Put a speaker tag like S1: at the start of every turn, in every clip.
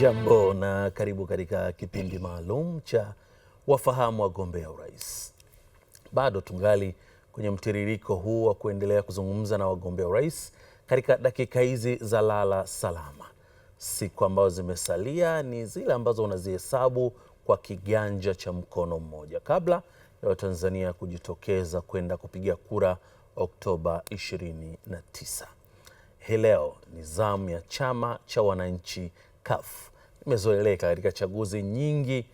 S1: Hujambo na karibu katika kipindi maalum cha wafahamu wagombea urais. Bado tungali kwenye mtiririko huu wa kuendelea kuzungumza na wagombea urais katika dakika hizi za lala salama. Siku ambazo zimesalia ni zile ambazo unazihesabu kwa kiganja cha mkono mmoja kabla ya Watanzania kujitokeza kwenda kupiga kura Oktoba 29. Hii leo ni zamu ya Chama cha Wananchi, CUF imezoeleka katika chaguzi nyingi.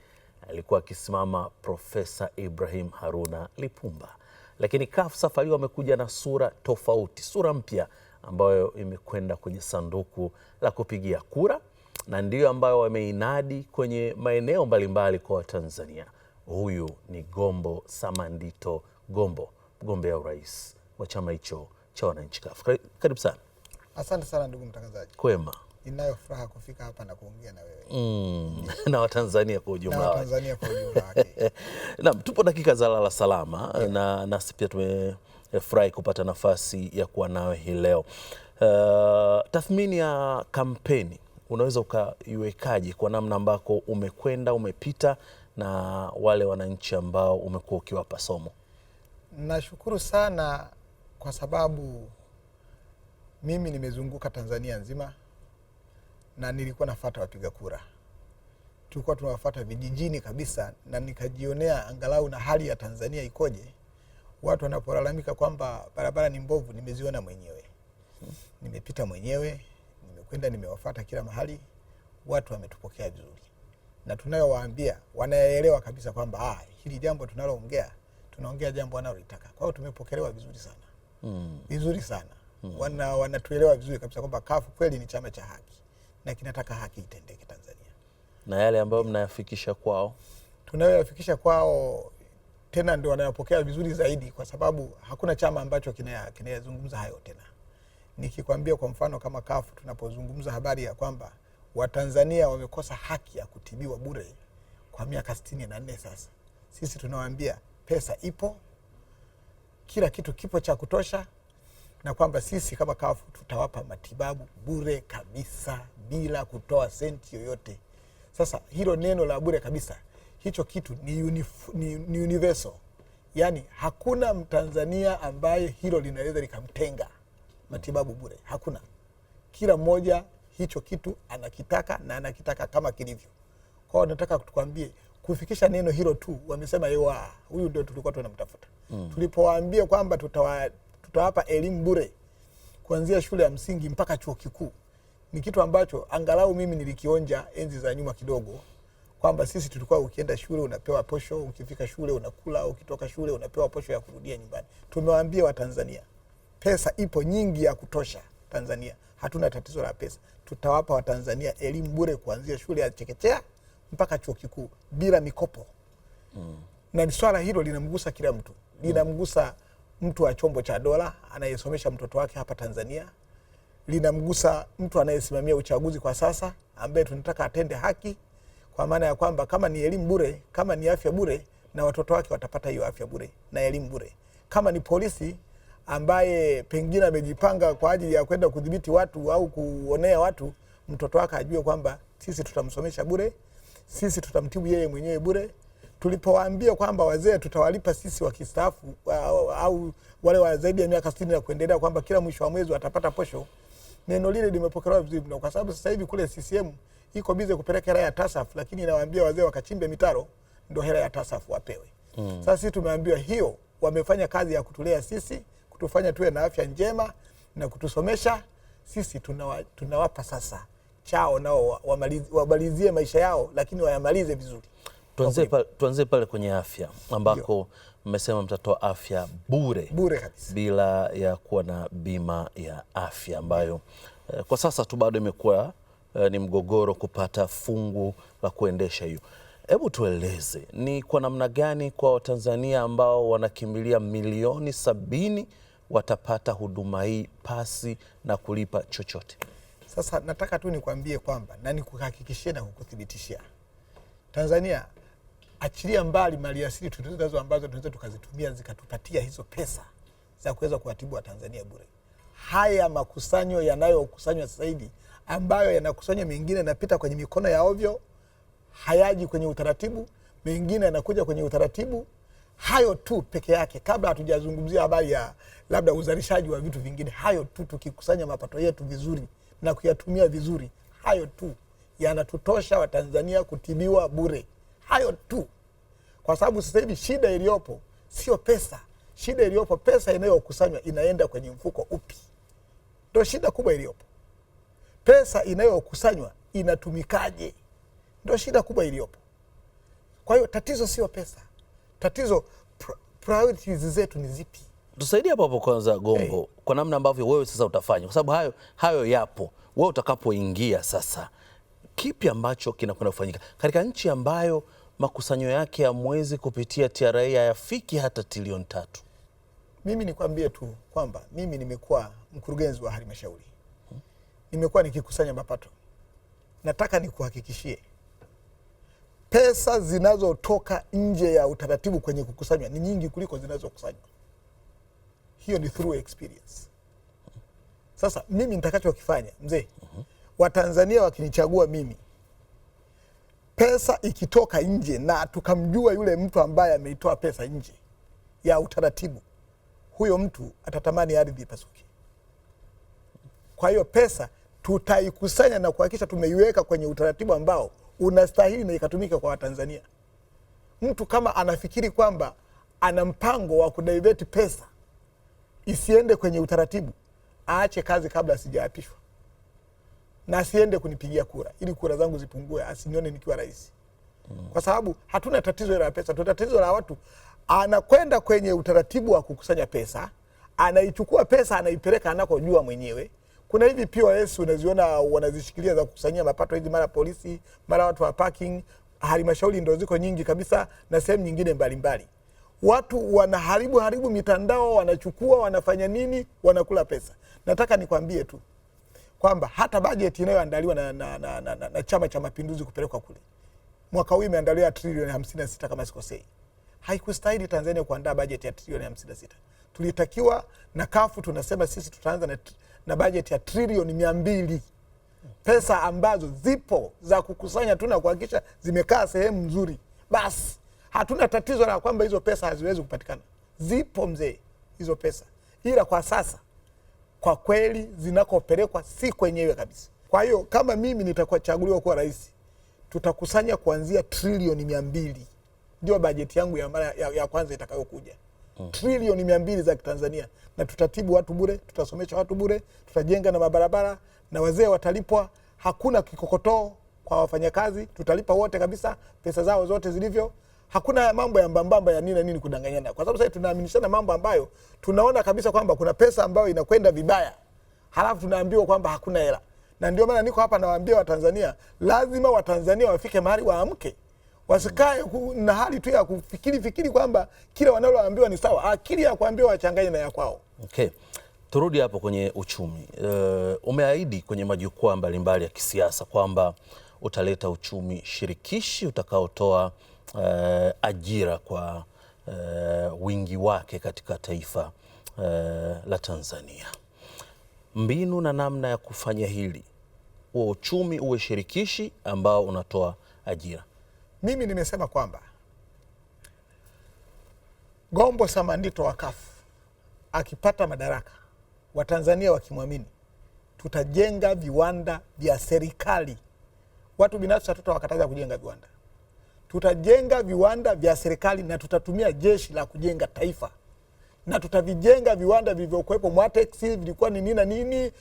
S1: Alikuwa akisimama Profesa Ibrahim Haruna Lipumba, lakini CUF safari wamekuja na sura tofauti, sura mpya ambayo imekwenda kwenye sanduku la kupigia kura na ndiyo ambayo wameinadi kwenye maeneo mbalimbali kwa Watanzania. Huyu ni Gombo Samandito Gombo, mgombea urais wa chama hicho cha wananchi CUF. Karibu sana. Asante sana ndugu mtangazaji. Kwema ninayo furaha kufika hapa na kuongea na wewe
S2: mm. na Watanzania kwa ujumla
S1: na Watanzania kwa ujumla wake.
S2: Naam, tupo dakika za lala salama yeah. na nasi pia tumefurahi kupata nafasi ya kuwa nawe hii leo. Uh, tathmini ya kampeni unaweza ukaiwekaje kwa namna ambako umekwenda umepita na wale wananchi ambao umekuwa ukiwapa somo?
S1: Nashukuru sana kwa sababu mimi nimezunguka Tanzania nzima na nilikuwa nafata wapiga kura, tulikuwa tunawafata vijijini kabisa, na nikajionea angalau na hali ya Tanzania ikoje. Watu wanapolalamika kwamba barabara ni mbovu, nimeziona mwenyewe, nimepita mwenyewe, nimekwenda nimewafata kila mahali. Watu wametupokea vizuri, na tunayowaambia wanaelewa kabisa kwamba ah, hili jambo tunaloongea, tunaongea jambo wanalolitaka. Kwa hiyo tumepokelewa vizuri sana, hmm. vizuri sana mm. wana wanatuelewa vizuri kabisa kwamba kafu kweli ni chama cha haki na kinataka haki itendeke Tanzania,
S2: na yale ambayo mnayafikisha kwao
S1: tunayoyafikisha kwao tena ndio wanayopokea vizuri zaidi, kwa sababu hakuna chama ambacho kinayazungumza hayo tena. Nikikwambia kwa mfano kama kafu, tunapozungumza habari ya kwamba Watanzania wamekosa haki ya kutibiwa bure kwa miaka sitini na nne sasa, sisi tunawaambia pesa ipo, kila kitu kipo cha kutosha, na kwamba sisi kama kafu tutawapa matibabu bure kabisa bila kutoa senti yoyote. Sasa hilo neno la bure kabisa, hicho kitu ni, unif, ni, ni universal, yaani hakuna Mtanzania ambaye hilo linaweza likamtenga matibabu bure, hakuna. Kila mmoja hicho kitu anakitaka na anakitaka kama kilivyo kwao. Nataka tukwambie kufikisha neno hilo tu, wamesema ewa, huyu ndio tulikuwa tunamtafuta mm. Tulipowaambia kwamba tutawapa elimu bure kuanzia shule ya msingi mpaka chuo kikuu ni kitu ambacho angalau mimi nilikionja enzi za nyuma kidogo, kwamba sisi tulikuwa ukienda shule unapewa posho, ukifika shule unakula, ukitoka shule unapewa posho ya kurudia nyumbani. Tumewaambia Watanzania pesa ipo nyingi ya kutosha Tanzania, hatuna tatizo la pesa. Tutawapa Watanzania elimu bure kuanzia shule ya chekechea mpaka chuo kikuu bila mikopo mm. Na swala hilo linamgusa kila mtu, linamgusa mtu wa chombo cha dola anayesomesha mtoto wake hapa Tanzania linamgusa mtu anayesimamia uchaguzi kwa sasa ambaye tunataka atende haki, kwa maana ya kwamba kama ni elimu bure, kama ni afya bure, na watoto wake watapata hiyo afya bure na elimu bure. Kama ni polisi ambaye pengine amejipanga kwa ajili ya kwenda kudhibiti watu au kuonea watu, mtoto wake ajue kwamba sisi tutamsomesha bure, sisi tutamtibu yeye mwenyewe bure. Tulipowaambia kwamba wazee tutawalipa sisi wakistaafu au wale wa zaidi ya miaka sitini na kuendelea, kwamba kila mwisho wa mwezi watapata posho neno lile limepokelewa vizuri na kwa sababu sasa hivi kule CCM iko bize kupeleka hela ya TASAF, lakini inawaambia wazee wakachimbe mitaro ndio hela ya TASAF wapewe. Mm. Sasa sisi tumeambiwa hiyo, wamefanya kazi ya kutulea sisi, kutufanya tuwe na afya njema na kutusomesha sisi, tunawa, tunawapa sasa chao nao wamalizie maisha yao, lakini wayamalize vizuri.
S2: Tuanze pale, pale kwenye afya ambako Yo mmesema mtatoa afya bure, bure kabisa bila ya kuwa na bima ya afya ambayo eh, kwa sasa tu bado imekuwa eh, ni mgogoro kupata fungu la kuendesha hiyo. Hebu tueleze ni kwa namna gani kwa Watanzania ambao wanakimbilia milioni sabini watapata huduma hii pasi na kulipa chochote?
S1: Sasa nataka tu nikwambie kwamba na nikuhakikishia na kukuthibitishia Tanzania achilia mbali maliasili tunazo ambazo tunaweza tukazitumia zikatupatia hizo pesa za kuweza kuwatibu Watanzania bure. Haya makusanyo yanayokusanywa sasa hivi ambayo yanakusanywa, mengine yanapita kwenye mikono ya ovyo, hayaji kwenye utaratibu, mengine yanakuja kwenye utaratibu. Hayo tu peke yake, kabla hatujazungumzia habari ya labda uzalishaji wa vitu vingine. Hayo tu tukikusanya mapato yetu vizuri na kuyatumia vizuri, hayo tu yanatutosha Watanzania kutibiwa bure hayo tu, kwa sababu sasa hivi shida iliyopo sio pesa. Shida iliyopo pesa inayokusanywa inaenda kwenye mfuko upi? ndo shida kubwa iliyopo. Pesa inayokusanywa inatumikaje? ndo shida kubwa iliyopo. Kwa hiyo tatizo sio pesa, tatizo priorities zetu ni zipi?
S2: Tusaidie hapo hapo kwanza, Gombo. Hey, eh. kwa namna ambavyo wewe sasa utafanya, kwa sababu hayo hayo yapo. Wewe utakapoingia sasa, kipi ambacho kinakwenda kufanyika katika nchi ambayo makusanyo yake ya mwezi kupitia TRA hayafiki hata trilioni tatu.
S1: Mimi nikwambie tu kwamba mimi nimekuwa mkurugenzi wa halmashauri, nimekuwa nikikusanya mapato. Nataka nikuhakikishie pesa zinazotoka nje ya utaratibu kwenye kukusanywa ni nyingi kuliko zinazokusanywa. Hiyo ni through experience. Sasa mimi nitakachokifanya mzee, mhm. Watanzania wakinichagua mimi pesa ikitoka nje na tukamjua yule mtu ambaye ameitoa pesa nje ya utaratibu, huyo mtu atatamani ardhi ipasuke. Kwa hiyo pesa tutaikusanya na kuhakikisha tumeiweka kwenye utaratibu ambao unastahili na ikatumika kwa Watanzania. Mtu kama anafikiri kwamba ana mpango wa kudivert pesa isiende kwenye utaratibu, aache kazi kabla sijaapishwa na asiende kunipigia kura ili kura zangu zipungue, asinione nikiwa rais mm. Kwa sababu hatuna tatizo la pesa, tuna tatizo la watu. Anakwenda kwenye utaratibu wa kukusanya pesa, anaichukua pesa, anaipeleka anakojua mwenyewe. Kuna hivi POS unaziona wanazishikilia za kukusanyia mapato hizi, mara polisi, mara watu wa parking. Halmashauri ndo ziko nyingi kabisa na sehemu nyingine mbalimbali mbali. Watu wanaharibu haribu mitandao, wanachukua wanafanya nini, wanakula pesa. Nataka nikwambie tu kwamba hata bajeti inayoandaliwa na, na, na, na, na, na Chama cha Mapinduzi kupelekwa kule mwaka huu imeandaliwa trilioni sita kama sikosei. Haikustahili Tanzania kuandaa bajeti ya trilioni sita. Tulitakiwa na kafu tunasema sisi tutaanza na, na bajeti ya trilioni mia mbili pesa ambazo zipo za kukusanya tu na kuhakikisha zimekaa sehemu nzuri, basi hatuna tatizo la kwamba hizo pesa haziwezi kupatikana. Zipo mzee, hizo pesa, ila kwa sasa kwa kweli zinakopelekwa si kwenyewe kabisa. Kwa hiyo kama mimi nitakuwa kuwa rais, tutakusanya kuanzia trilioni mia mbili ndio bajeti yangu ya mara ya, ya kwanza itakayokuja mm. trilioni mia mbili za Kitanzania, na tutatibu watu bure, tutasomesha watu bure, tutajenga na mabarabara na wazee watalipwa, hakuna kikokotoo kwa wafanyakazi, tutalipa wote kabisa pesa zao zote zilivyo hakuna mambo ya mbambamba ya nini na nini kudanganyana, kwa sababu sasa tunaaminishana mambo ambayo tunaona kabisa kwamba kuna pesa ambayo inakwenda vibaya, halafu tunaambiwa kwamba hakuna hela. Na ndio maana niko hapa nawaambia Watanzania, lazima Watanzania wafike mahali waamke, wasikae na hali tu ya kufikiri fikiri kwamba kila wanaloambiwa ni sawa. Akili ya kuambiwa wachanganye na ya kwao.
S2: Okay. Turudi hapo kwenye uchumi. Uh, umeahidi kwenye majukwaa mbalimbali ya kisiasa kwamba utaleta uchumi shirikishi utakaotoa uh, ajira kwa uh, wingi wake katika taifa uh, la Tanzania. Mbinu na namna ya kufanya hili huo uchumi uwe shirikishi ambao unatoa ajira.
S1: Mimi nimesema kwamba Gombo Samandito wa akipata madaraka, Watanzania wakimwamini, tutajenga viwanda vya serikali. Watu binafsi hatutawakataza kujenga viwanda tutajenga viwanda vya serikali na tutatumia jeshi la kujenga taifa, na tutavijenga viwanda vilivyokuwepo Mwatex vilikuwa ni nini na nini.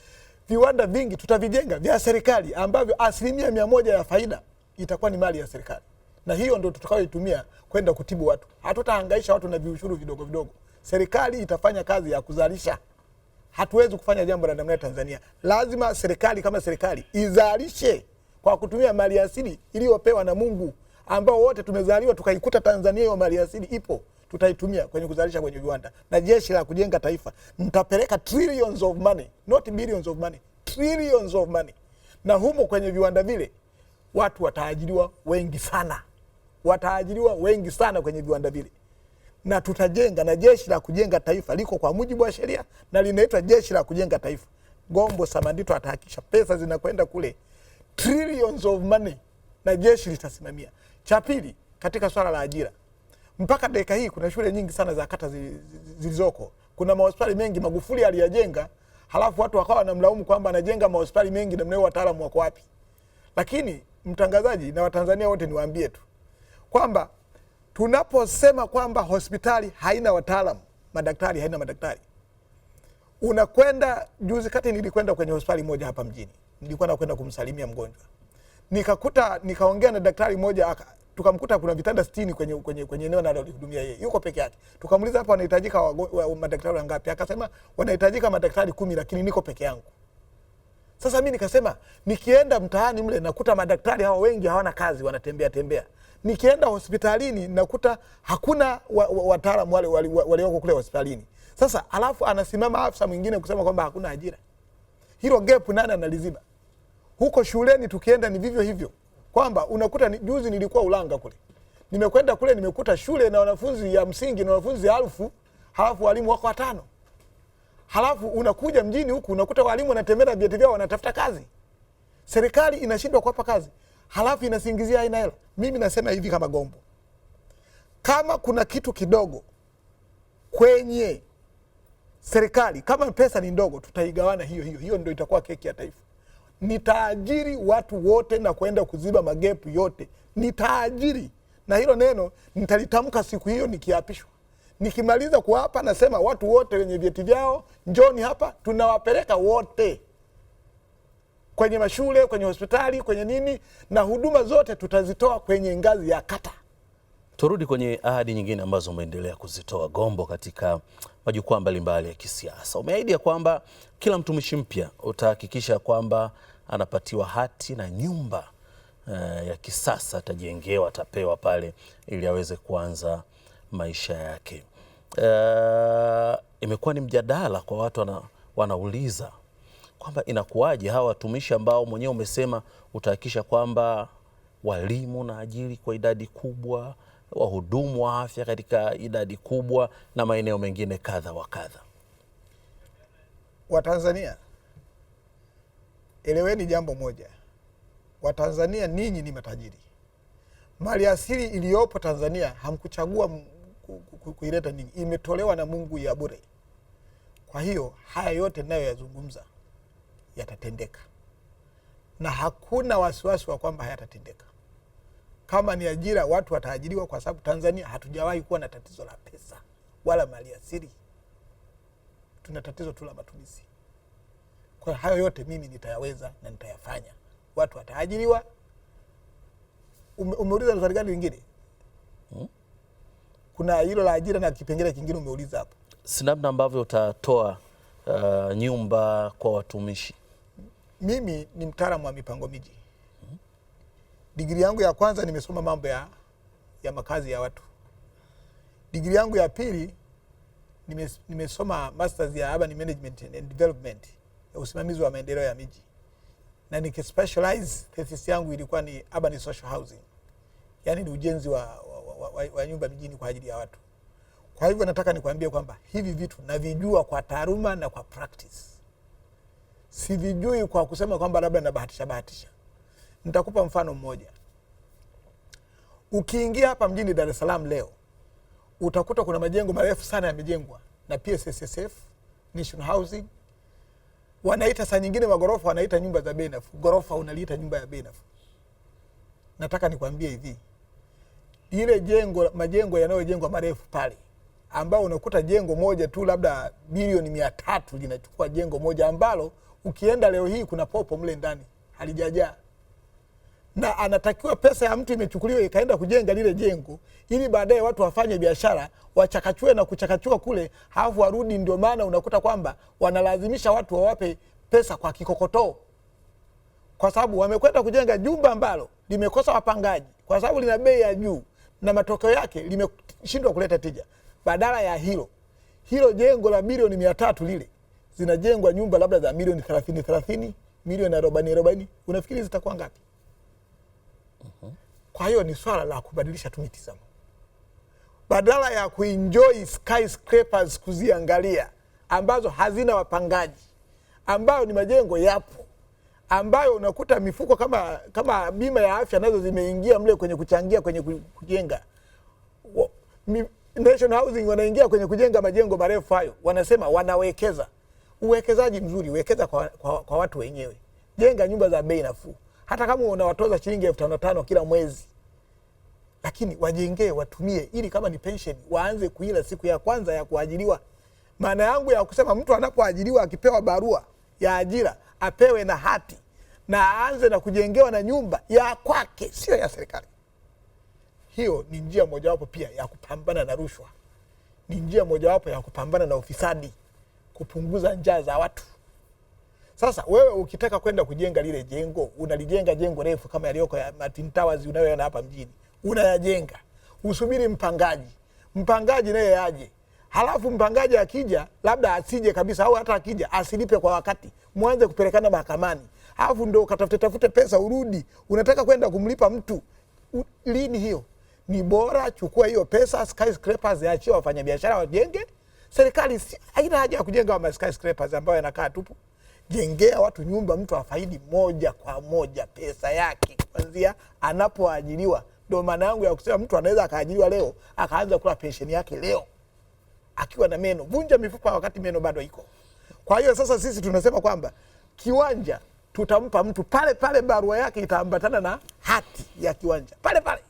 S1: Viwanda vingi tutavijenga vya serikali ambavyo asilimia mia moja ya faida itakuwa ni mali ya serikali, na hiyo ndo tutakayoitumia kwenda kutibu watu. Hatutahangaisha watu na viushuru vidogo vidogo. Serikali itafanya kazi ya kuzalisha. Hatuwezi kufanya jambo la namna ya Tanzania. Lazima serikali kama serikali izalishe kwa kutumia mali asili iliyopewa na Mungu ambao wote tumezaliwa tukaikuta Tanzania hiyo mali asili ipo, tutaitumia kwenye kuzalisha kwenye viwanda na jeshi la kujenga taifa. Ntapeleka trillions of money, not billions of money, trillions of money, na humo kwenye viwanda vile watu wataajiriwa wengi sana, wataajiriwa wengi sana kwenye viwanda vile na tutajenga na jeshi la kujenga taifa liko kwa mujibu wa sheria na linaitwa jeshi la kujenga taifa. Gombo Samandito atahakikisha pesa zinakwenda kule, trillions of money, na jeshi litasimamia. Cha pili, katika swala la ajira, mpaka dakika hii kuna shule nyingi sana za kata zilizoko, kuna mahospitali mengi Magufuli aliyajenga, halafu watu wakawa wanamlaumu kwamba anajenga mahospitali mengi namna hiyo, wataalamu wako wapi? Lakini mtangazaji na Watanzania wote niwaambie tu kwamba tunaposema kwamba hospitali haina wataalamu, madaktari haina madaktari, unakwenda. Juzi kati nilikwenda kwenye hospitali moja hapa mjini, nilikuwa nakwenda kumsalimia mgonjwa nikakuta nikaongea na daktari mmoja tukamkuta kuna vitanda sitini kwenye kwenye kwenye eneo analolihudumia yeye, yuko peke yake. Tukamuliza hapa wanahitajika wa, wa, madaktari wangapi? Akasema wanahitajika madaktari kumi, lakini niko peke yangu. Sasa mi nikasema nikienda mtaani mle nakuta madaktari hawa wengi hawana kazi, wanatembea tembea. Nikienda hospitalini nakuta hakuna wataalamu wa, wa wale walioko wale, wale kule hospitalini. Sasa alafu anasimama afisa mwingine kusema kwamba hakuna ajira. Hilo gepu nani analiziba? Huko shuleni tukienda ni vivyo hivyo, kwamba unakuta ni, juzi nilikuwa Ulanga kule, nimekwenda kule nimekuta shule na wanafunzi ya msingi na wanafunzi elfu, halafu walimu wako watano. Halafu unakuja mjini huku unakuta walimu wanatembea na vyeti vyao, wanatafuta kazi, serikali inashindwa kuwapa kazi, halafu inasingizia haina hela. Mimi nasema hivi kama Gombo, kama kuna kitu kidogo kwenye serikali, kama pesa ni ndogo, tutaigawana hiyo hiyo hiyo, ndio itakuwa keki ya taifa nitaajiri watu wote na kwenda kuziba magepu yote. Nitaajiri, na hilo neno nitalitamka siku hiyo nikiapishwa. Nikimaliza kuapa, nasema watu wote wenye vyeti vyao njoni hapa, tunawapeleka wote kwenye mashule, kwenye hospitali, kwenye nini, na huduma zote tutazitoa kwenye ngazi ya kata.
S2: Turudi kwenye ahadi nyingine ambazo umeendelea kuzitoa Gombo katika majukwaa mbalimbali ya kisiasa. Umeahidi ya kwamba kila mtumishi mpya utahakikisha kwamba anapatiwa hati na nyumba uh, ya kisasa atajengewa, atapewa pale ili aweze kuanza maisha yake. Uh, imekuwa ni mjadala kwa watu wana, wanauliza kwamba inakuwaje hawa watumishi ambao mwenyewe umesema utahakikisha kwamba walimu na ajili kwa idadi kubwa wahudumu wa afya katika idadi kubwa na maeneo mengine kadha wa kadha.
S1: Watanzania, eleweni jambo moja, Watanzania ninyi ni matajiri. Mali asili iliyopo Tanzania hamkuchagua kuileta ninyi, imetolewa na Mungu ya bure. Kwa hiyo haya yote nayoyazungumza yatatendeka na hakuna wasiwasi wa kwamba hayatatendeka. Kama ni ajira, watu wataajiriwa, kwa sababu Tanzania hatujawahi kuwa na tatizo la pesa wala maliasili. Tuna tatizo tu la matumizi. Kwa hayo yote mimi nitayaweza na nitayafanya, watu wataajiriwa. Umeuliza swali gani lingine? hmm? Kuna hilo la ajira na kipengele kingine umeuliza hapo,
S2: si namna ambavyo utatoa uh, nyumba kwa watumishi.
S1: Mimi ni mtaalamu wa mipango miji Digiri yangu ya kwanza nimesoma mambo ya, ya makazi ya watu. Digiri yangu ya pili nimes, nimesoma masters ya urban management and development ya usimamizi wa maendeleo ya miji, na nikaspecialize thesis yangu ilikuwa ni urban social housing, yaani ni ujenzi wa, wa, wa, wa nyumba mijini kwa ajili ya watu. Kwa hivyo nataka nikwambie kwamba hivi vitu navijua kwa taaluma na kwa practice, sivijui kwa kusema kwamba labda nabahatisha bahatisha. Nitakupa mfano mmoja. Ukiingia hapa mjini Dar es Salaam leo utakuta kuna majengo marefu sana yamejengwa na PSSSF, National Housing wanaita saa nyingine magorofa wanaita nyumba za bei nafuu. Gorofa unaliita nyumba ya bei nafuu. Nataka nikwambie hivi, ile jengo majengo yanayojengwa marefu pale, ambayo unakuta jengo moja tu labda bilioni mia tatu linachukua jengo moja ambalo ukienda leo hii kuna popo mle ndani halijajaa na anatakiwa pesa ya mtu imechukuliwa ikaenda kujenga lile jengo ili baadaye watu wafanye biashara wachakachue na kuchakachua kule halafu warudi. Ndio maana unakuta kwamba wanalazimisha watu wawape pesa kwa kikokotoo, kwa sababu wamekwenda kujenga jumba ambalo limekosa wapangaji, kwa sababu lina bei ya juu, na matokeo yake limeshindwa kuleta tija. Badala ya hilo hilo jengo la milioni mia tatu lile zinajengwa nyumba labda za milioni thelathini thelathini, milioni arobaini arobaini. Unafikiri zitakuwa ngapi? -huh. Kwa hiyo ni swala la kubadilisha tu mitizamo, badala ya kuenjoy skyscrapers kuziangalia, ambazo hazina wapangaji, ambayo ni majengo yapo, ambayo unakuta mifuko kama, kama bima ya afya nazo zimeingia mle kwenye kuchangia kwenye kujenga National Housing wanaingia kwenye kujenga majengo marefu hayo, wanasema wanawekeza. Uwekezaji mzuri, wekeza kwa, kwa, kwa watu wenyewe, jenga nyumba za bei nafuu hata kama unawatoza shilingi elfu tano tano kila mwezi, lakini wajengee, watumie, ili kama ni pensheni waanze kuila siku ya kwanza ya kuajiriwa. Maana yangu ya kusema mtu anapoajiriwa akipewa barua ya ajira apewe na hati na aanze na kujengewa na nyumba ya kwake, sio ya serikali. Hiyo ni njia mojawapo pia ya kupambana na rushwa, ni njia mojawapo ya kupambana na ufisadi, kupunguza njaa za watu. Sasa wewe ukitaka kwenda kujenga lile jengo, unalijenga jengo refu kama yaliyoko ya Martin Towers unayoona hapa mjini, unayajenga usubiri mpangaji, mpangaji naye aje. Halafu mpangaji akija, labda asije kabisa, au hata akija asilipe kwa wakati, mwanze kupelekana mahakamani, alafu ndo katafute tafute pesa urudi, unataka kwenda kumlipa mtu lini? Hiyo ni bora chukua hiyo pesa, skyscrapers yaachie wafanyabiashara wajenge. Serikali haina haja ya kujenga skyscrapers ambayo yanakaa tupu jengea watu nyumba, mtu afaidi moja kwa moja pesa yake kwanzia anapoajiriwa. Ndo maana yangu ya kusema mtu anaweza akaajiriwa leo akaanza kula pensheni yake leo akiwa na meno, vunja mifupa wakati meno bado iko. Kwa hiyo sasa sisi tunasema kwamba kiwanja tutampa mtu pale pale, barua yake itaambatana na hati ya kiwanja pale pale,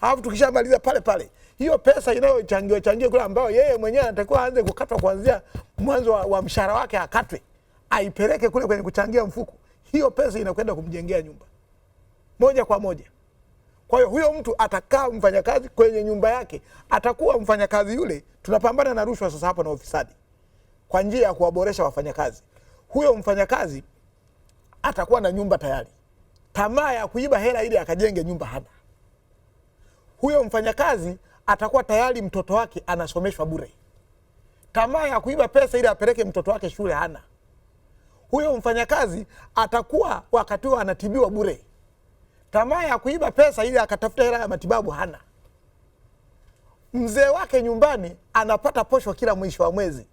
S1: alafu tukishamaliza pale pale hiyo pesa inayochangiwa changiwa kule ambayo yeye mwenyewe anatakiwa aanze kukatwa kuanzia mwanzo wa, wa mshahara wake akatwe aipeleke kule kwenye kuchangia mfuko, hiyo pesa inakwenda kumjengea nyumba moja kwa moja. Kwa hiyo huyo mtu atakaa mfanyakazi kwenye nyumba yake, atakuwa mfanyakazi yule. Tunapambana na rushwa sasa hapo na ufisadi kwa njia ya kuwaboresha wafanyakazi. Huyo mfanyakazi atakuwa na nyumba tayari, tamaa ya kuiba hela ili akajenge nyumba hana. Huyo mfanyakazi atakuwa tayari, mtoto wake anasomeshwa bure, tamaa ya kuiba pesa ili apeleke mtoto wake shule hana huyo mfanyakazi atakuwa wakati huo anatibiwa bure. Tamaa ya kuiba pesa ili akatafuta hela ya matibabu hana. Mzee wake nyumbani anapata posho kila mwisho wa mwezi.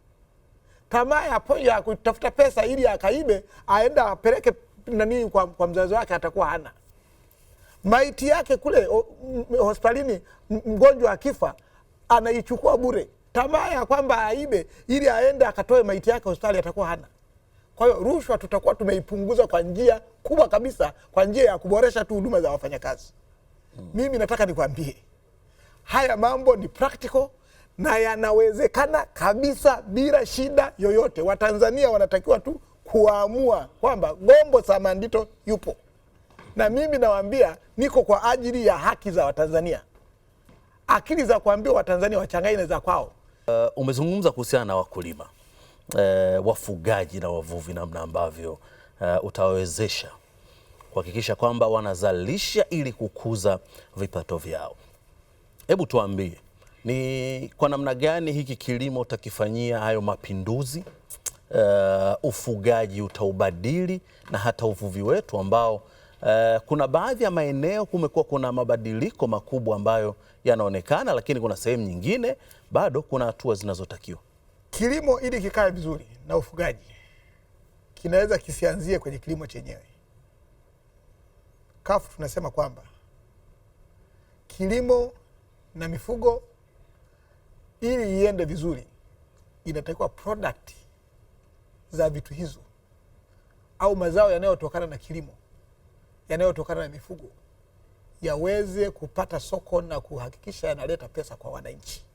S1: Tamaa ya, ya kutafuta pesa ili akaibe aenda apeleke nani kwa, kwa mzazi wake atakuwa hana. Maiti yake kule hospitalini, mgonjwa akifa anaichukua bure. Tamaa ya kwamba aibe ili aende akatoe maiti yake hospitali atakuwa hana. Kwa hiyo rushwa tutakuwa tumeipunguza kwa njia kubwa kabisa, kwa njia ya kuboresha tu huduma za wafanyakazi. Hmm. Mimi nataka nikwambie haya mambo ni practical na yanawezekana kabisa bila shida yoyote. Watanzania wanatakiwa tu kuamua kwamba Gombo Samandito yupo, na mimi nawaambia niko kwa ajili ya haki za Watanzania. Akili za kuambia Watanzania wachanganye na za kwao. Uh,
S2: umezungumza kuhusiana na wakulima eh, wafugaji na wavuvi namna ambavyo eh, utawawezesha kuhakikisha kwamba wanazalisha ili kukuza vipato vyao. Hebu tuambie ni kwa namna gani hiki kilimo utakifanyia hayo mapinduzi uh, ufugaji utaubadili na hata uvuvi wetu ambao uh, kuna baadhi ya maeneo kumekuwa kuna mabadiliko makubwa ambayo yanaonekana, lakini kuna sehemu nyingine bado kuna hatua zinazotakiwa.
S1: Kilimo ili kikae vizuri na ufugaji kinaweza kisianzie kwenye kilimo chenyewe. Kafu tunasema kwamba kilimo na mifugo ili iende vizuri, inatakiwa product za vitu hizo au mazao yanayotokana na kilimo yanayotokana na mifugo yaweze kupata soko na kuhakikisha yanaleta pesa kwa wananchi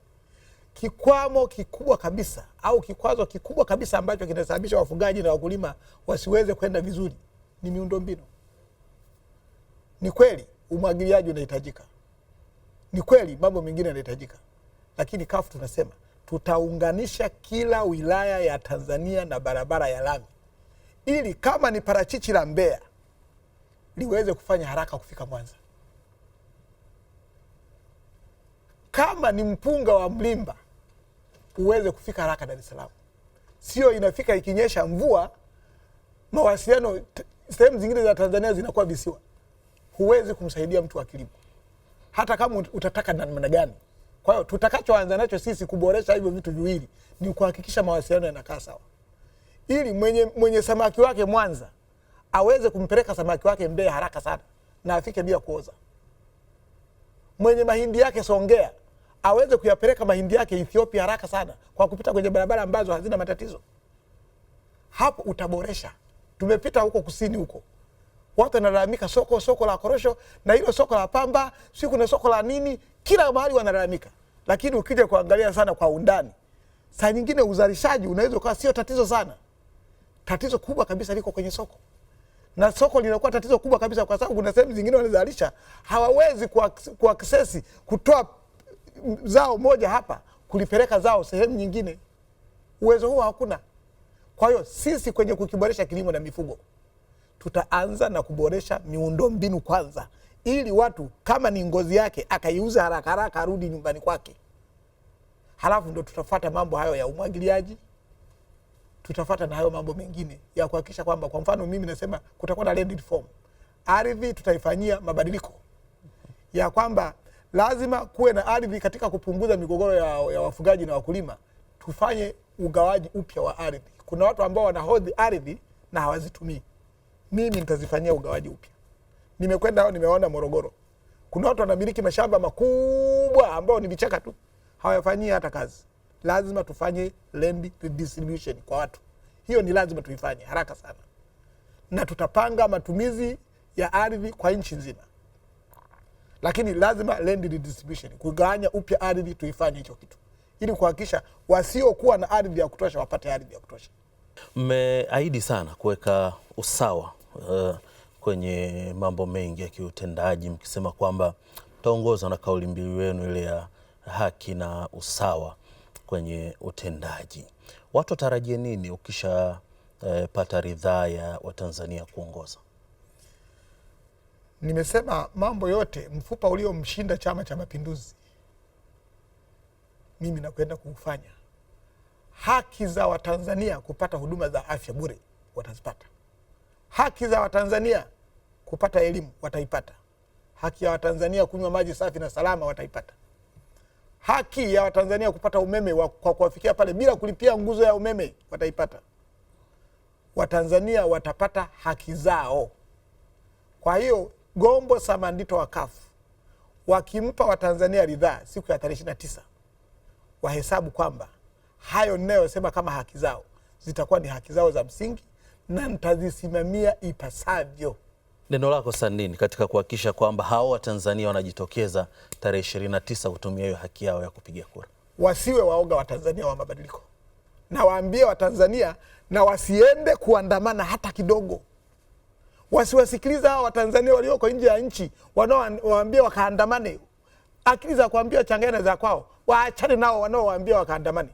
S1: kikwamo kikubwa kabisa au kikwazo kikubwa kabisa ambacho kinasababisha wafugaji na wakulima wasiweze kwenda vizuri ni miundombinu. Ni kweli umwagiliaji unahitajika, ni kweli mambo mengine yanahitajika, lakini kaf tunasema tutaunganisha kila wilaya ya Tanzania na barabara ya lami, ili kama ni parachichi la Mbeya liweze kufanya haraka kufika Mwanza, kama ni mpunga wa Mlimba uweze kufika haraka Dar es Salaam, sio inafika ikinyesha mvua, mawasiliano sehemu zingine za Tanzania zinakuwa visiwa, huwezi kumsaidia mtu wa kilimo hata kama utataka namna gani. Kwa hiyo tutakachoanza nacho sisi kuboresha hivyo vitu viwili ni kuhakikisha mawasiliano yanakaa sawa, ili mwenye, mwenye samaki wake Mwanza aweze kumpeleka samaki wake Mbeya haraka sana na afike bila kuoza. Mwenye mahindi yake Songea aweze kuyapeleka mahindi yake Ethiopia haraka sana kwa kupita kwenye barabara ambazo hazina matatizo. Hapo utaboresha. Tumepita huko kusini huko, watu wanalalamika soko soko la korosho na hilo soko la pamba, si kuna soko la nini, kila mahali wanalalamika, lakini ukija kuangalia sana kwa undani, saa nyingine uzalishaji unaweza ukawa sio tatizo sana. Tatizo kubwa kabisa liko kwenye soko na soko linakuwa tatizo kubwa kabisa, kwa sababu kuna sehemu zingine wanazalisha hawawezi kuaksesi kutoa zao moja hapa kulipeleka zao sehemu nyingine. Uwezo huo hakuna. Kwa hiyo sisi kwenye kukiboresha kilimo na mifugo tutaanza na kuboresha miundombinu kwanza, ili watu kama ni ngozi yake akaiuza haraka haraka arudi nyumbani kwake. Halafu ndo tutafata mambo hayo ya umwagiliaji, tutafata na hayo mambo mengine ya kuhakikisha kwamba, kwa mfano mimi nasema kutakuwa na land reform, ardhi tutaifanyia mabadiliko ya kwamba lazima kuwe na ardhi katika kupunguza migogoro ya, ya wafugaji na wakulima. Tufanye ugawaji upya wa ardhi. Kuna watu ambao wanahodhi ardhi na hawazitumii. Mimi nitazifanyia ugawaji upya. Nimekwenda nimeona Morogoro, kuna watu wanamiliki mashamba makubwa ambao ni vichaka tu, hawafanyii hata kazi. Lazima tufanye land redistribution kwa watu, hiyo ni lazima tuifanye haraka sana, na tutapanga matumizi ya ardhi kwa nchi nzima lakini lazima land redistribution, kugawanya upya ardhi, tuifanye hicho kitu ili kuhakikisha wasiokuwa na ardhi ya kutosha wapate ardhi ya kutosha.
S2: Mmeahidi sana kuweka usawa uh, kwenye mambo mengi ya kiutendaji, mkisema kwamba mtaongozwa na kauli mbiu yenu ile ya haki na usawa kwenye utendaji. Watu watarajie nini ukishapata eh, uh, ridhaa ya Watanzania kuongoza?
S1: nimesema mambo yote, mfupa uliomshinda Chama cha Mapinduzi mimi nakwenda kuufanya. Haki za Watanzania kupata huduma za afya bure watazipata. Haki za Watanzania kupata elimu wataipata. Haki ya Watanzania kunywa maji safi na salama wataipata. Haki ya Watanzania kupata umeme kwa kuwafikia pale bila kulipia nguzo ya umeme wataipata. Watanzania watapata haki zao. Kwa hiyo Gombo Samandito wa kafu wakimpa Watanzania ridhaa siku ya tarehe tisa wahesabu kwamba hayo ninayosema kama haki zao zitakuwa ni haki zao za msingi na nitazisimamia ipasavyo.
S2: Neno lako sanini katika kuhakikisha kwamba hao Watanzania wanajitokeza tarehe tisa kutumia hiyo haki yao ya kupiga kura.
S1: Wasiwe waoga Watanzania wa mabadiliko, na waambie Watanzania na wasiende kuandamana hata kidogo wasiwasikiliza hawa Watanzania walioko nje ya nchi wanaowaambia wakaandamane. Akili za kuambia changana za kwao, waachane nao wanaowaambia wakaandamane,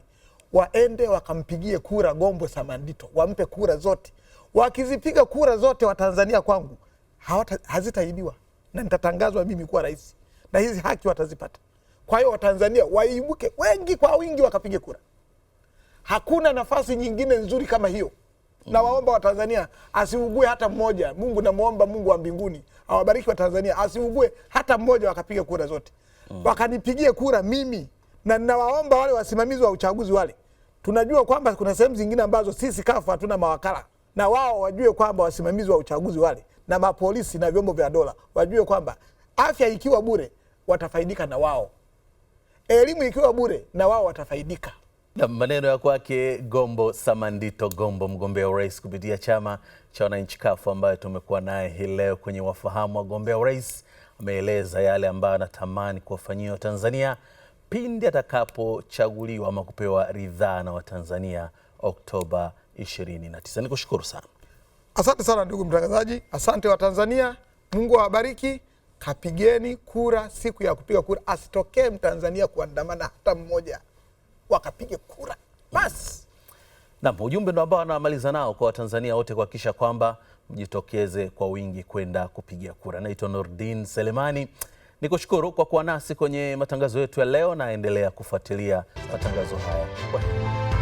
S1: waende wakampigie kura Gombo Samandito, wampe kura zote. Wakizipiga kura zote Watanzania kwangu hazitaibiwa na nitatangazwa mimi kuwa rais na hizi haki watazipata. Kwa hiyo Watanzania waibuke wengi kwa wingi wakapige kura. Hakuna nafasi nyingine nzuri kama hiyo na waomba Watanzania asiugue hata mmoja. Mungu namwomba Mungu wa mbinguni awabariki Watanzania asiugue hata mmoja, wakapiga kura zote mm. wakanipigie kura mimi, na ninawaomba wale wasimamizi wa uchaguzi wale, tunajua kwamba kuna sehemu zingine ambazo sisi kafu hatuna mawakala, na wao wajue kwamba wasimamizi wa uchaguzi wale na mapolisi na vyombo vya dola wajue kwamba afya ikiwa bure watafaidika na wao, elimu ikiwa bure na wao watafaidika.
S2: Na maneno ya kwake Gombo Samandito Gombo, mgombea urais kupitia chama cha wananchi kafu ambayo tumekuwa naye hii leo kwenye wafahamu wagombea urais, ameeleza yale ambayo anatamani kuwafanyia Watanzania pindi atakapochaguliwa ama kupewa ridhaa na Watanzania Oktoba 29. Nikushukuru sana,
S1: asante sana ndugu mtangazaji, asante Watanzania, Mungu awabariki. Kapigeni kura siku ya kupiga kura, asitokee Mtanzania kuandamana hata mmoja wakapige kura basi.
S2: Naam, ujumbe ndo ambao anamaliza nao kwa Watanzania wote kuhakikisha kwamba mjitokeze kwa wingi kwenda kupiga kura. Naitwa Nordin Selemani, nikushukuru kwa kuwa nasi kwenye matangazo yetu ya leo, naendelea kufuatilia matangazo haya kwa